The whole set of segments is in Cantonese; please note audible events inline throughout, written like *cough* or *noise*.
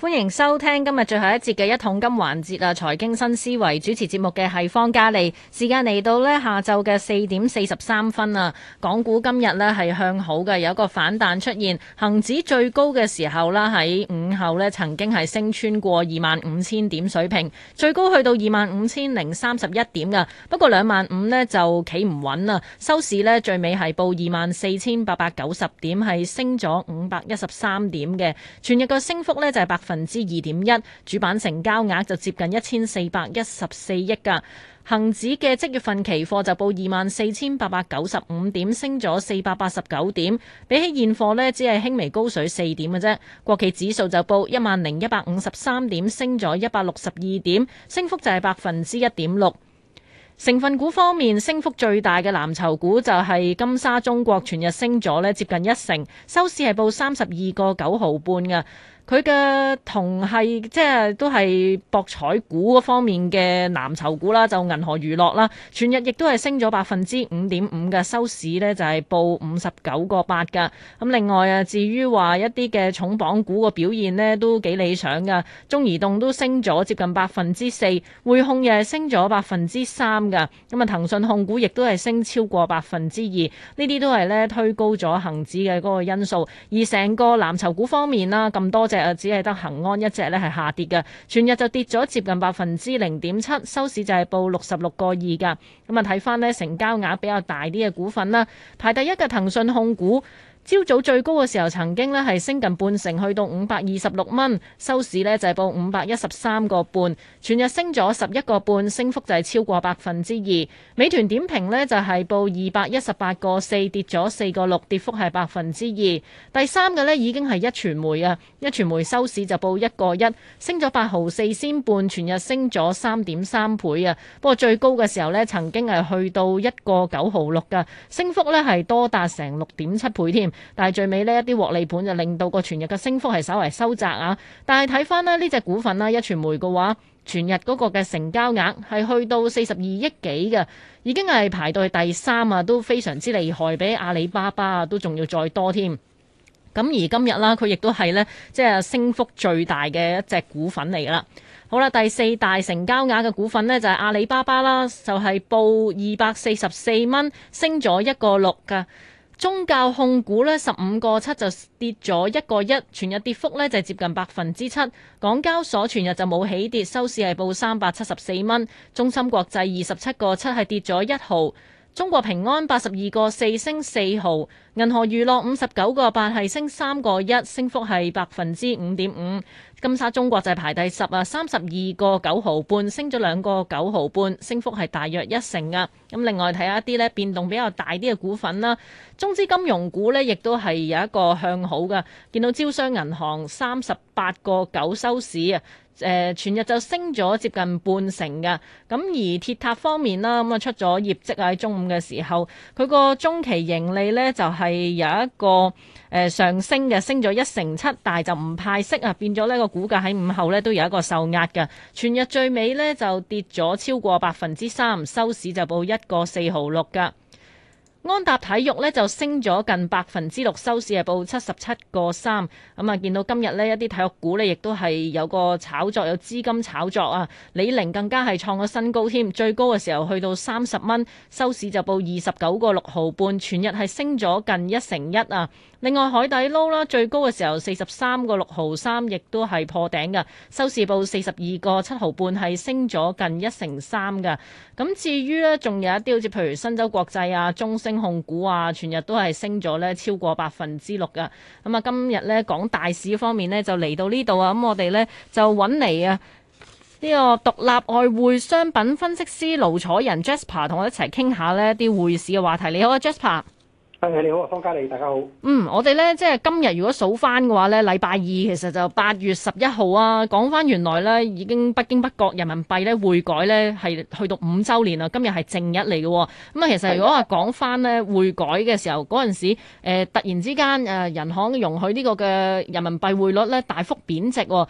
歡迎收聽今日最後一節嘅一桶金環節啊！財經新思維主持節目嘅係方嘉利。時間嚟到呢，下晝嘅四點四十三分啊！港股今日呢係向好嘅，有一個反彈出現。恒指最高嘅時候啦，喺午後呢曾經係升穿過二萬五千點水平，最高去到二萬五千零三十一點嘅。不過兩萬五呢就企唔穩啦。收市呢，最尾係報二萬四千八百九十點，係升咗五百一十三點嘅。全日個升幅呢就係百。百分之二點一，1> 1, 主板成交額就接近一千四百一十四億噶。恒指嘅即月份期貨就報二萬四千八百九十五點，升咗四百八十九點，比起現貨呢，只係輕微高水四點嘅啫。國企指數就報一萬零一百五十三點，升咗一百六十二點，升幅就係百分之一點六。成分股方面，升幅最大嘅藍籌股就係金沙中國，全日升咗呢接近一成，收市係報三十二個九毫半嘅。佢嘅同系即係都係博彩股嗰方面嘅藍籌股啦，就銀河娛樂啦，全日亦都係升咗百分之五點五嘅收市咧，就係報五十九個八噶。咁另外啊，至於話一啲嘅重磅股個表現咧都幾理想噶，中移動都升咗接近百分之四，匯控又係升咗百分之三噶。咁啊，騰訊控股亦都係升超過百分之二，呢啲都係咧推高咗恒指嘅嗰個因素。而成個藍籌股方面啦，咁多隻。只係得恒安一隻咧，係下跌嘅，全日就跌咗接近百分之零點七，收市就係報六十六個二噶。咁啊，睇翻咧成交額比較大啲嘅股份啦，排第一嘅騰訊控股。朝早最高嘅時候，曾經呢係升近半成，去到五百二十六蚊，收市呢就係報五百一十三個半，全日升咗十一個半，升幅就係超過百分之二。美團點評呢就係報二百一十八個四，跌咗四個六，跌幅係百分之二。第三嘅呢已經係一傳媒啊，一傳媒收市就報一個一，升咗八毫四仙半，全日升咗三點三倍啊！不過最高嘅時候呢曾經係去到一個九毫六㗎，升幅呢係多達成六點七倍添。但係最尾呢，一啲獲利盤就令到個全日嘅升幅係稍為收窄啊！但係睇翻咧呢隻股份啦，一傳媒嘅話，全日嗰個嘅成交額係去到四十二億幾嘅，已經係排到去第三啊，都非常之厲害，比阿里巴巴啊都仲要再多添。咁而今日啦，佢亦都係呢，即係升幅最大嘅一隻股份嚟噶啦。好啦，第四大成交額嘅股份呢，就係阿里巴巴啦，就係報二百四十四蚊，升咗一個六噶。中教控股咧，十五個七就跌咗一個一，全日跌幅咧，就接近百分之七。港交所全日就冇起跌，收市係報三百七十四蚊。中芯國際二十七個七，係跌咗一毫。中國平安八十二個四，升四毫。銀河娛樂五十九個八，係升三個一，升幅係百分之五點五。金沙中國就係排第十啊，三十二個九毫半，升咗兩個九毫半，升幅係大約一成噶。咁另外睇下一啲呢變動比較大啲嘅股份啦，中資金融股呢亦都係有一個向好噶，見到招商銀行三十八個九收市啊。誒全日就升咗接近半成嘅，咁而鐵塔方面啦，咁啊出咗業績，喺中午嘅時候，佢個中期盈利呢，就係有一個誒上升嘅，升咗一成七，但係就唔派息啊，變咗呢個股價喺午後呢都有一個受壓嘅，全日最尾呢，就跌咗超過百分之三，收市就報一個四毫六嘅。安踏體育呢就升咗近百分之六，收市係報七十七個三。咁啊，見到今日呢一啲體育股呢，亦都係有個炒作，有資金炒作啊。李寧更加係創咗新高添，最高嘅時候去到三十蚊，收市就報二十九個六毫半，全日係升咗近一成一啊。另外海底撈啦，最高嘅時候四十三個六毫三，亦都係破頂嘅。收市報四十二個七毫半，係升咗近一成三嘅。咁至於呢，仲有一啲好似譬如新洲國際啊、中升控股啊，全日都係升咗呢超過百分之六嘅。咁啊，今日呢講大市方面呢，就嚟到呢度啊。咁我哋呢，就揾嚟啊呢個獨立外匯商品分析師盧楚仁 Jasper 同我一齊傾下呢啲匯市嘅話題。你好啊，Jasper。Jas 你好，方嘉莉，大家好。嗯，我哋咧即係今日如果數翻嘅話咧，禮拜二其實就八月十一號啊，講翻原來咧已經不經不覺人民幣咧匯改咧係去到五週年啦。今日係正日嚟嘅，咁啊，其實如果話講翻咧匯改嘅時候，嗰陣時誒、呃、突然之間誒、呃、人行容許呢個嘅人民幣匯率咧大幅貶值，哦。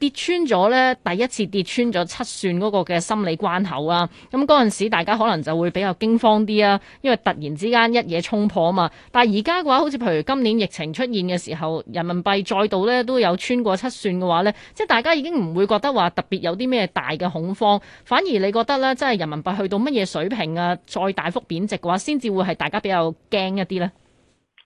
跌穿咗咧，第一次跌穿咗七算嗰個嘅心理關口啊！咁嗰陣時，大家可能就會比較驚慌啲啊，因為突然之間一夜衝破啊嘛。但係而家嘅話，好似譬如今年疫情出現嘅時候，人民幣再度咧都有穿過七算嘅話咧，即係大家已經唔會覺得話特別有啲咩大嘅恐慌，反而你覺得咧，即係人民幣去到乜嘢水平啊，再大幅貶值嘅話，先至會係大家比較驚一啲咧。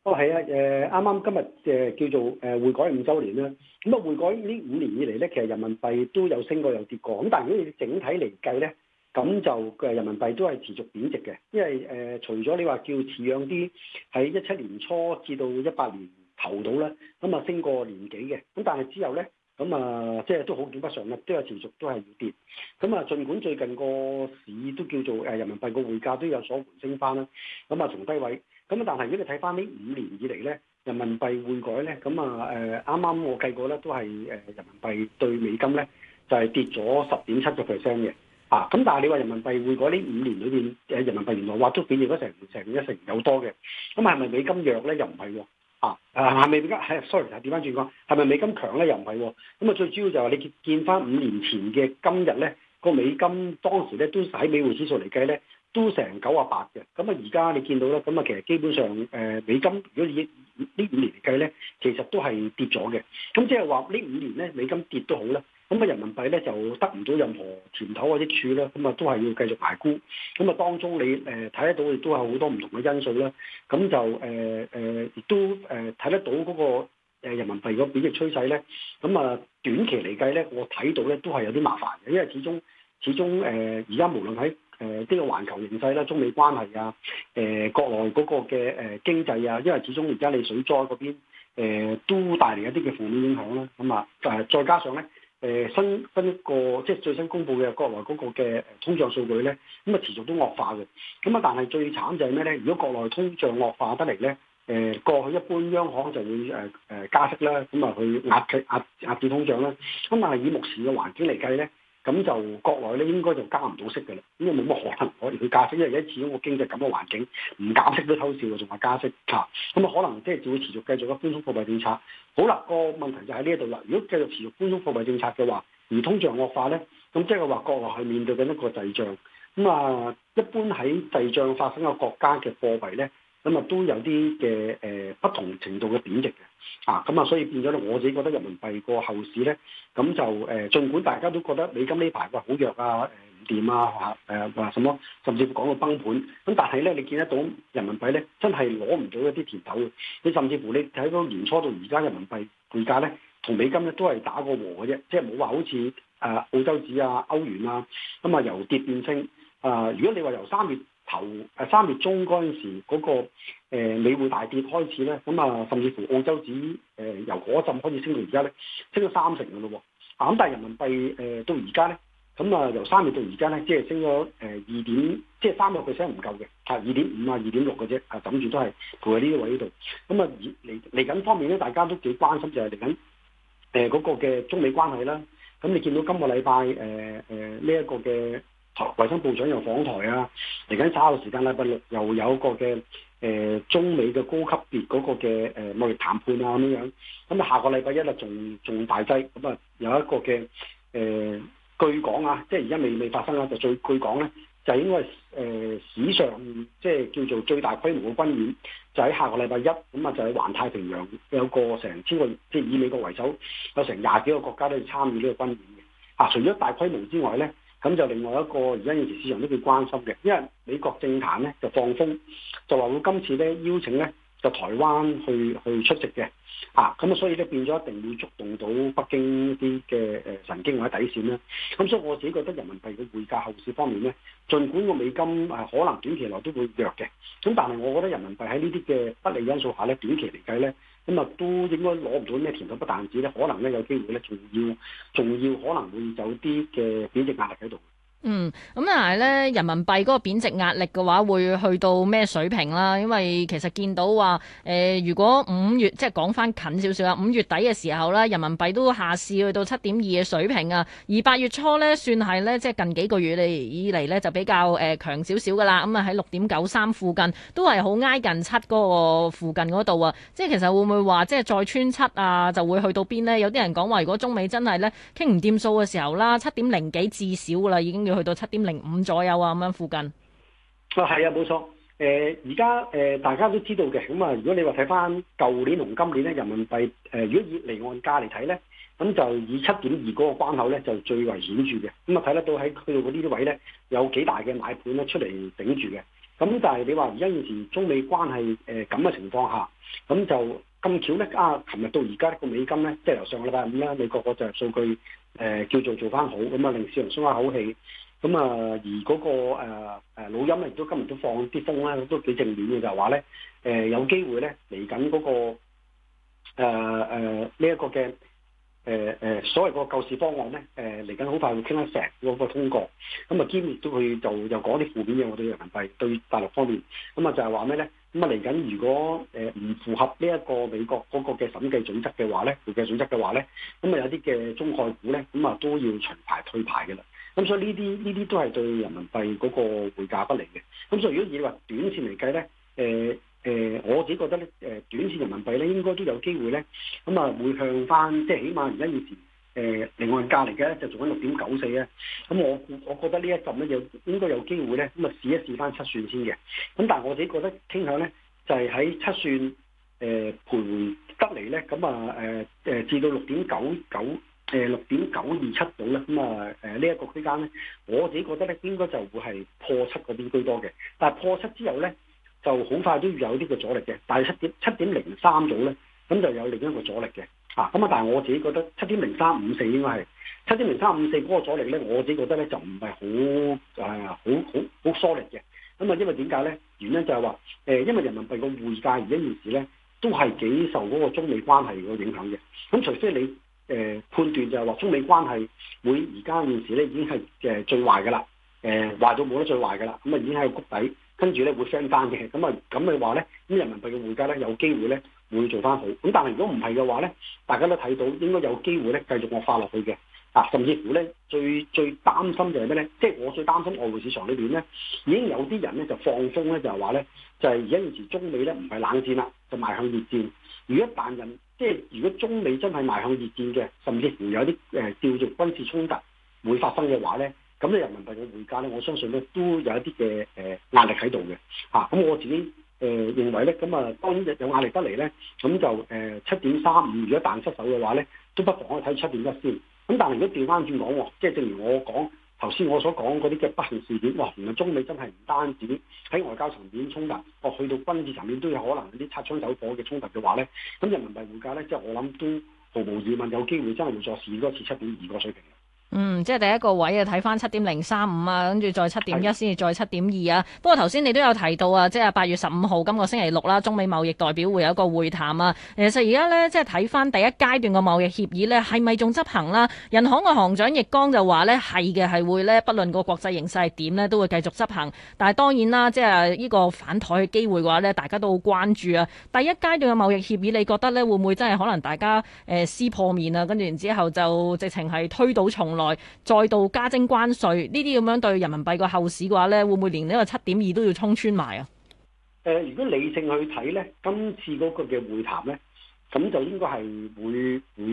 哦，係啊，誒啱啱今日誒、呃、叫做誒匯、呃、改五週年啦。咁啊，匯改呢五年以嚟咧，其實人民幣都有升過，又跌過。咁但係如果你整體嚟計咧，咁就嘅人民幣都係持續貶值嘅。因為誒、呃，除咗你話叫似養啲喺一七年初至到一八年頭度啦，咁啊升過年幾嘅。咁但係之後咧，咁啊、呃、即係都好景不常啦，都有持續都係要跌。咁啊，儘管最近個市都叫做誒人民幣個匯價都有所升回升翻啦，咁啊從低位。咁啊，但係如果你睇翻呢五年以嚟咧。人民幣匯改咧，咁啊誒啱啱我計過咧，都係誒人民幣對美金咧就係、是、跌咗十點七個 percent 嘅，啊咁但係你話人民幣匯改呢五年裏邊誒人民幣原來劃出幾多成，成一成有多嘅，咁係咪美金弱咧又唔係喎，啊啊係咪美金係、啊、，sorry，係、啊、調翻轉講係咪美金強咧又唔係喎，咁、哦、啊最主要就係你見見翻五年前嘅今日咧，個美金當時咧都使美匯指數嚟計咧都成九啊八嘅，咁啊而家你見到咧，咁啊其實基本上誒、啊、美金如果你～呢五年嚟計咧，其實都係跌咗嘅。咁即係話呢五年咧，美金跌都好啦。咁啊，人民幣咧就得唔到任何甜頭或者益處啦。咁啊，都係要繼續捱沽。咁啊，當中你誒睇得到亦都有好多唔同嘅因素啦。咁就誒誒，亦、呃呃、都誒睇、呃、得到嗰個人民幣貶值嘅趨勢咧。咁啊，短期嚟計咧，我睇到咧都係有啲麻煩嘅，因為始終始終誒而家無論喺誒呢個環球形勢啦，中美關係啊，誒、呃、國內嗰個嘅誒經濟啊，因為始終而家你水災嗰邊、呃、都帶嚟一啲嘅負面影響啦，咁啊誒再加上咧誒、呃、新新一個即係最新公佈嘅國內嗰個嘅通脹數據咧，咁、嗯、啊持續都惡化嘅，咁啊但係最慘就係咩咧？如果國內通脹惡化得嚟咧，誒、呃、過去一般央行就會誒誒加息啦，咁、嗯、啊去壓壓壓壓止通脹啦，咁啊以目前嘅環境嚟計咧。咁就國內咧，應該就加唔到息嘅啦。咁啊冇乜可能，我哋去加息，因為而家始終個經濟咁嘅環境，唔減息都偷笑仲話加息嚇。咁啊，可能即係就會持續繼續嘅寬鬆貨幣政策。好啦，個問題就喺呢一度啦。如果繼續持續寬鬆貨幣政策嘅話，唔通脹惡化咧，咁即係話國內係面對緊一個滯脹。咁啊，一般喺滯脹發生嘅國家嘅貨幣咧，咁啊都有啲嘅誒不同程度嘅貶值嘅。啊，咁啊，所以變咗咧，我自己覺得人民幣個後市咧，咁就誒、呃，儘管大家都覺得美金呢排嘅好弱啊，誒唔掂啊，嚇誒話什麼，甚至乎講到崩盤，咁但係咧，你見得到人民幣咧，真係攞唔到一啲甜頭嘅。你甚至乎你睇到年初到而家人民幣匯價咧，同美金咧都係打過和嘅啫，即係冇話好似誒、呃、澳洲紙啊、歐元啊，咁啊由跌變升。啊、呃，如果你話由三月頭誒三月中嗰陣時嗰、嗰個。嗰個誒美匯大跌開始咧，咁啊，甚至乎澳洲指誒由嗰陣開始升到而家咧，升咗三成嘅咯喎。咁，但係人民幣誒到而家咧，咁啊由三月到而家咧，即係升咗誒二點，即係三個 percent 唔夠嘅，嚇二點五啊，二點六嘅啫，啊等住都係徘喺呢啲位度。咁啊，而嚟嚟緊方面咧，大家都幾關心就係嚟緊誒嗰個嘅中美關係啦。咁你見到今個禮拜誒誒呢一個嘅衞生部長又訪台啊，嚟緊稍後時間禮拜六又有一個嘅。誒、呃、中美嘅高級別嗰個嘅誒貿易談判啊咁樣，咁、嗯、啊下個禮拜一啊仲仲大劑，咁、嗯、啊有一個嘅誒、呃、據講啊，即係而家未未發生啦，就最據講咧就應該係誒、呃、史上即係叫做最大規模嘅軍演，就喺下個禮拜一，咁、嗯、啊就喺環太平洋有個成千個即係以美國為首，有成廿幾個國家都要參與呢個軍演嘅，啊除咗大規模之外咧。咁就另外一個，而家現時市場都幾關心嘅，因為美國政壇咧就放風，就話會今次咧邀請咧就台灣去去出席嘅，啊，咁啊所以咧變咗一定會觸動到北京啲嘅誒神經或者底線啦。咁所以我自己覺得人民幣嘅匯價後市方面咧，儘管個美金誒可能短期內都會弱嘅，咁但係我覺得人民幣喺呢啲嘅不利因素下咧，短期嚟計咧。咁啊，都應該攞唔到咩甜頭，不但止咧，可能咧有機會咧，仲要仲要可能會有啲嘅貶值壓力喺度。嗯，咁但係咧，人民幣嗰個貶值壓力嘅話會去到咩水平啦？因為其實見到話誒、呃、如果五月即係講翻近少少啦，五月底嘅時候咧，人民幣都下試去到七點二嘅水平啊。而八月初咧，算係咧，即係近幾個月嚟以嚟咧，就比較誒強少少噶啦。咁啊，喺六點九三附近，都係好挨近七嗰個附近嗰度啊。即係其實會唔會話即係再穿七啊？就會去到邊咧？有啲人講話如果中美真係咧傾唔掂數嘅時候啦，七點零幾至少噶啦，已經要。去到七點零五左右啊，咁樣附近。啊，係啊，冇錯。誒、呃，而家誒，大家都知道嘅。咁啊，如果你話睇翻舊年同今年咧，人民幣誒、呃，如果以離岸價嚟睇咧，咁就以七點二嗰個關口咧就最為顯著嘅。咁啊，睇得到喺佢哋呢啲位咧，有幾大嘅買盤咧出嚟頂住嘅。咁但係你話而家現時中美關係誒咁嘅情況下，咁就咁巧咧，啊，琴日到而家呢個美金咧，即係由上個禮拜五咧，美國個就業數據誒叫做做翻好，咁、嗯、啊，令市場鬆下口氣。咁啊、嗯，而嗰、那個誒、呃、老陰咧，亦都今日都放啲風咧，都幾正面嘅就係話咧，誒、呃、有機會咧嚟緊嗰個誒呢、呃啊、一個嘅誒誒所謂個救市方案咧，誒嚟緊好快會傾得成嗰個通過。咁、嗯、啊，兼亦都去就又講啲負面嘅。我哋人民幣對大陸方面，咁、嗯、啊就係話咩咧？咁啊嚟緊如果誒唔符合呢一個美國嗰個嘅審計總則嘅話咧，會計總則嘅話咧，咁啊有啲嘅中概股咧，咁啊都要除牌退牌嘅啦。咁、嗯、所以呢啲呢啲都係對人民幣嗰個匯價不利嘅。咁、嗯、所以如果以你話短線嚟計咧，誒、呃、誒、呃，我自己覺得咧，誒、呃、短線人民幣咧應該都有機會咧，咁、嗯、啊會向翻，即係起碼而家現時誒離岸價嚟嘅就做緊六點九四啊。咁我我覺得呢一陣咧有應該有機會咧，咁、嗯、啊試一試翻七算先嘅。咁、嗯、但係我自己覺得傾向咧就係、是、喺七算誒徘徊、呃、得嚟咧，咁啊誒誒至到六點九九。誒六點九二七度咧，咁啊誒呢一個區間咧，我自己覺得咧應該就會係破七嗰邊居多嘅。但係破七之後咧，就好快都要有呢個阻力嘅。但係七點七點零三度咧，咁就有另一個阻力嘅。啊，咁啊，但係我自己覺得七點零三五四應該係七點零三五四嗰個阻力咧，我自己覺得咧就唔係好啊好好好 solid 嘅。咁、呃、啊、嗯，因為點解咧？原因就係話誒，因為人民幣嘅匯價而一件事咧，都係幾受嗰個中美關係個影響嘅。咁除非你。誒、呃、判斷就係話中美關係會而家嗰陣時咧已經係誒最壞㗎啦，誒、呃、壞到冇得最壞㗎啦，咁啊已經喺個谷底，跟住咧會升翻嘅，咁啊咁咪話咧，咁人民幣嘅匯價咧有機會咧會做翻好，咁但係如果唔係嘅話咧，大家都睇到應該有機會咧繼續惡化落去嘅，啊甚至乎咧最最擔心呢就係咩咧？即係我最擔心外匯市場裡面呢邊咧已經有啲人咧就放風咧就係話咧就係而家嗰陣時中美咧唔係冷戰啦，就邁向熱戰，如果一旦引即係如果中美真係邁向熱戰嘅，甚至乎有啲誒叫做軍事衝突會發生嘅話咧，咁你人民幣嘅匯價咧，我相信咧都有一啲嘅誒壓力喺度嘅，嚇、啊、咁我自己誒、呃、認為咧，咁啊當然有壓力得嚟咧，咁就誒七點三五如果一旦失守嘅話咧，都不妨可以睇七點一先。咁但係如果調翻轉講，即係正如我講。頭先我所講嗰啲嘅不幸事件，哇！原來中美真係唔單止喺外交層面衝突，哦、啊，去到軍事層面都有可能有啲擦槍走火嘅衝突嘅話呢，咁人民幣匯價呢，即係我諗都毫無疑問有機會真係會再試多次七點二個水平。嗯，即係第一個位啊，睇翻七點零三五啊，跟住再七點一先至再七點二啊。不過頭先你都有提到啊，即係八月十五號今個星期六啦，中美貿易代表會有一個會談啊。其實而家呢，即係睇翻第一階段嘅貿易協議呢，係咪仲執行啦？人行嘅行長易綱就話呢，係嘅，係會呢。不論個國際形勢係點呢，都會繼續執行。但係當然啦，即係呢個反枱嘅機會嘅話呢，大家都好關注啊。第一階段嘅貿易協議，你覺得呢會唔會真係可能大家誒撕、呃、破面啊？跟住然之後就直情係推倒重來。再再度加徵關稅，呢啲咁樣對人民幣個後市嘅話咧，會唔會連呢個七點二都要衝穿埋啊？誒、呃，如果理性去睇咧，今次嗰個嘅會談咧，咁就應該係會會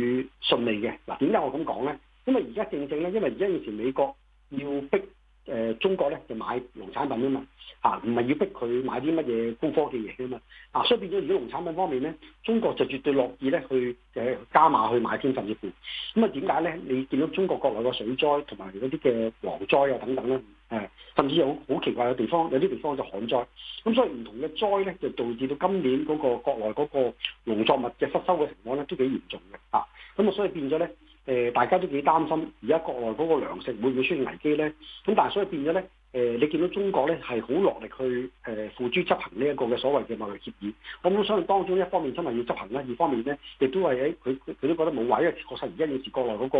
順利嘅。嗱，點解我咁講咧？因為而家正正咧，因為而家以前美國要逼。誒、呃、中國咧就買農產品啊嘛，嚇唔係要逼佢買啲乜嘢高科技嘢啊嘛，啊，嘛啊所以變咗如果農產品方面咧，中國就絕對樂意咧去誒、呃、加碼去買天份嘢嘅。咁啊點解咧？你見到中國國內個水災同埋嗰啲嘅蝗災啊等等咧，誒、啊、甚至有好奇怪嘅地方，有啲地方就旱災，咁、啊、所以唔同嘅災咧就導致到今年嗰、嗰個國內嗰個農作物嘅失收嘅情況咧都幾嚴重嘅，嚇咁啊，啊所以變咗咧。誒，大家都幾擔心，而家國內嗰個糧食會唔會出現危機咧？咁但係所以變咗咧，誒、呃，你見到中國咧係好落力去誒、呃、付諸執行呢一個嘅所謂嘅貿易協議。咁、嗯、所以當中一方面真係要執行啦，二方面咧亦都係喺佢佢都覺得冇位，因為確實而家又是國內嗰、那個、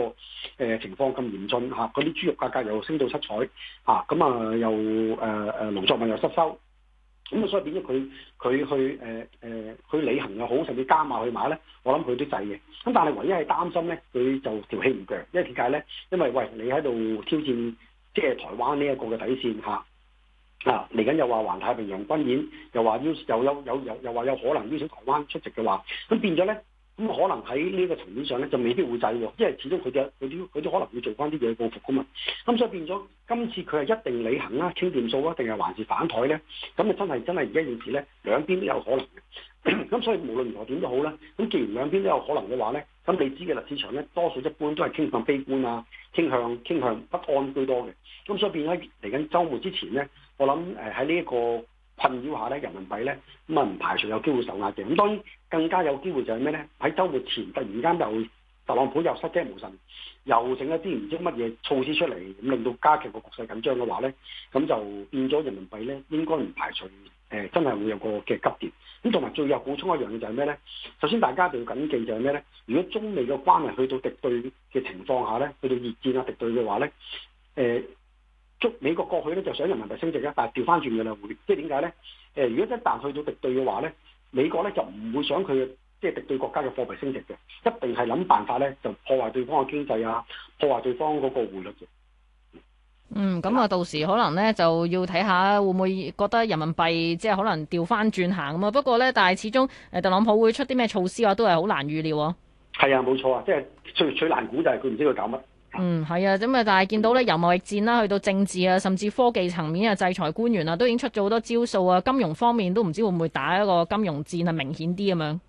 呃、情況咁嚴峻嚇，嗰、啊、啲豬肉價格又升到七彩嚇，咁啊，啊又誒誒、呃、農作物又失收。咁啊、嗯，所以變咗佢佢去誒誒去旅行又好，甚至加碼去買咧，我諗佢都制嘅。咁但係唯一係擔心咧，佢就條氣唔強，因為點解咧？因為喂你喺度挑戰即係台灣呢一個嘅底線吓啊！嚟緊又話環太平洋軍演，又話邀又有有，有又又話有可能邀請台灣出席嘅話，咁變咗咧。咁可能喺呢個層面上咧就未必會制喎，因為始終佢嘅佢都佢都可能要做返啲嘢報復㗎嘛，咁所以變咗今次佢係一定履行啦、啊，傾掂數啊，定係還是反台咧？咁啊真係真係而家件事咧，兩邊都有可能嘅。咁 *laughs* 所以無論如何點都好啦，咁既然兩邊都有可能嘅話咧，咁你知嘅樓市場咧多數一般都係傾向悲觀啊，傾向傾向不安居多嘅。咁所以變咗嚟緊週末之前咧，我諗誒喺呢一個。困擾下咧，人民幣咧，咁啊唔排除有機會受壓嘅。咁當然更加有機會就係咩咧？喺周末前突然間又特朗普又失驚無神，又整一啲唔知乜嘢措施出嚟，咁令到加劇個局勢緊張嘅話咧，咁就變咗人民幣咧，應該唔排除誒、呃、真係會有個嘅急跌。咁同埋最有補充一樣嘅就係咩咧？首先大家要謹記就係咩咧？如果中美嘅關係去到敵對嘅情況下咧，去到熱戰啊敵對嘅話咧，誒、呃。美國過去咧就想人民幣升值啊，但係調翻轉嘅啦，即係點解咧？誒，如果一旦去到敵對嘅話咧，美國咧就唔會想佢即係敵對國家嘅貨幣升值嘅，一定係諗辦法咧就破壞對方嘅經濟啊，破壞對方嗰個匯率嘅。嗯，咁啊，到時可能咧就要睇下會唔會覺得人民幣即係、就是、可能調翻轉行咁啊。不過咧，但係始終誒特朗普會出啲咩措施嘅、啊、話，都係好難預料啊。係啊，冇錯啊，即係最最難估就係佢唔知佢搞乜。嗯，係啊，咁啊，但係見到咧，由貿易戰啦，去到政治啊，甚至科技層面啊，制裁官員啊，都已經出咗好多招數啊。金融方面都唔知會唔會打一個金融戰啊，明顯啲咁樣。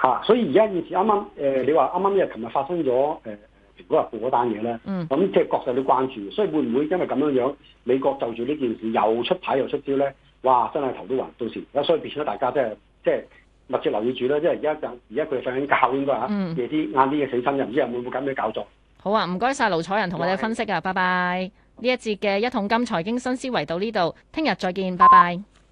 吓，所以而家、呃呃、件事啱啱誒，嗯嗯、你話啱啱又琴日發生咗誒蘋果啊嗰單嘢咧，咁即係各界都關注，所以會唔會因為咁樣樣，美國就住呢件事又出牌又出招咧？哇，真係頭都暈，到時，所以變咗大家真係即係密切留意住啦。即係而家而家佢瞓緊覺應該吓，夜啲晏啲嘅死親人，唔知有唔冇搞咩搞作。好啊，唔該晒盧楚仁同我哋分析噶，Yes. 拜拜。呢一節嘅一桶金財經新思維到呢度，聽日再見，拜拜。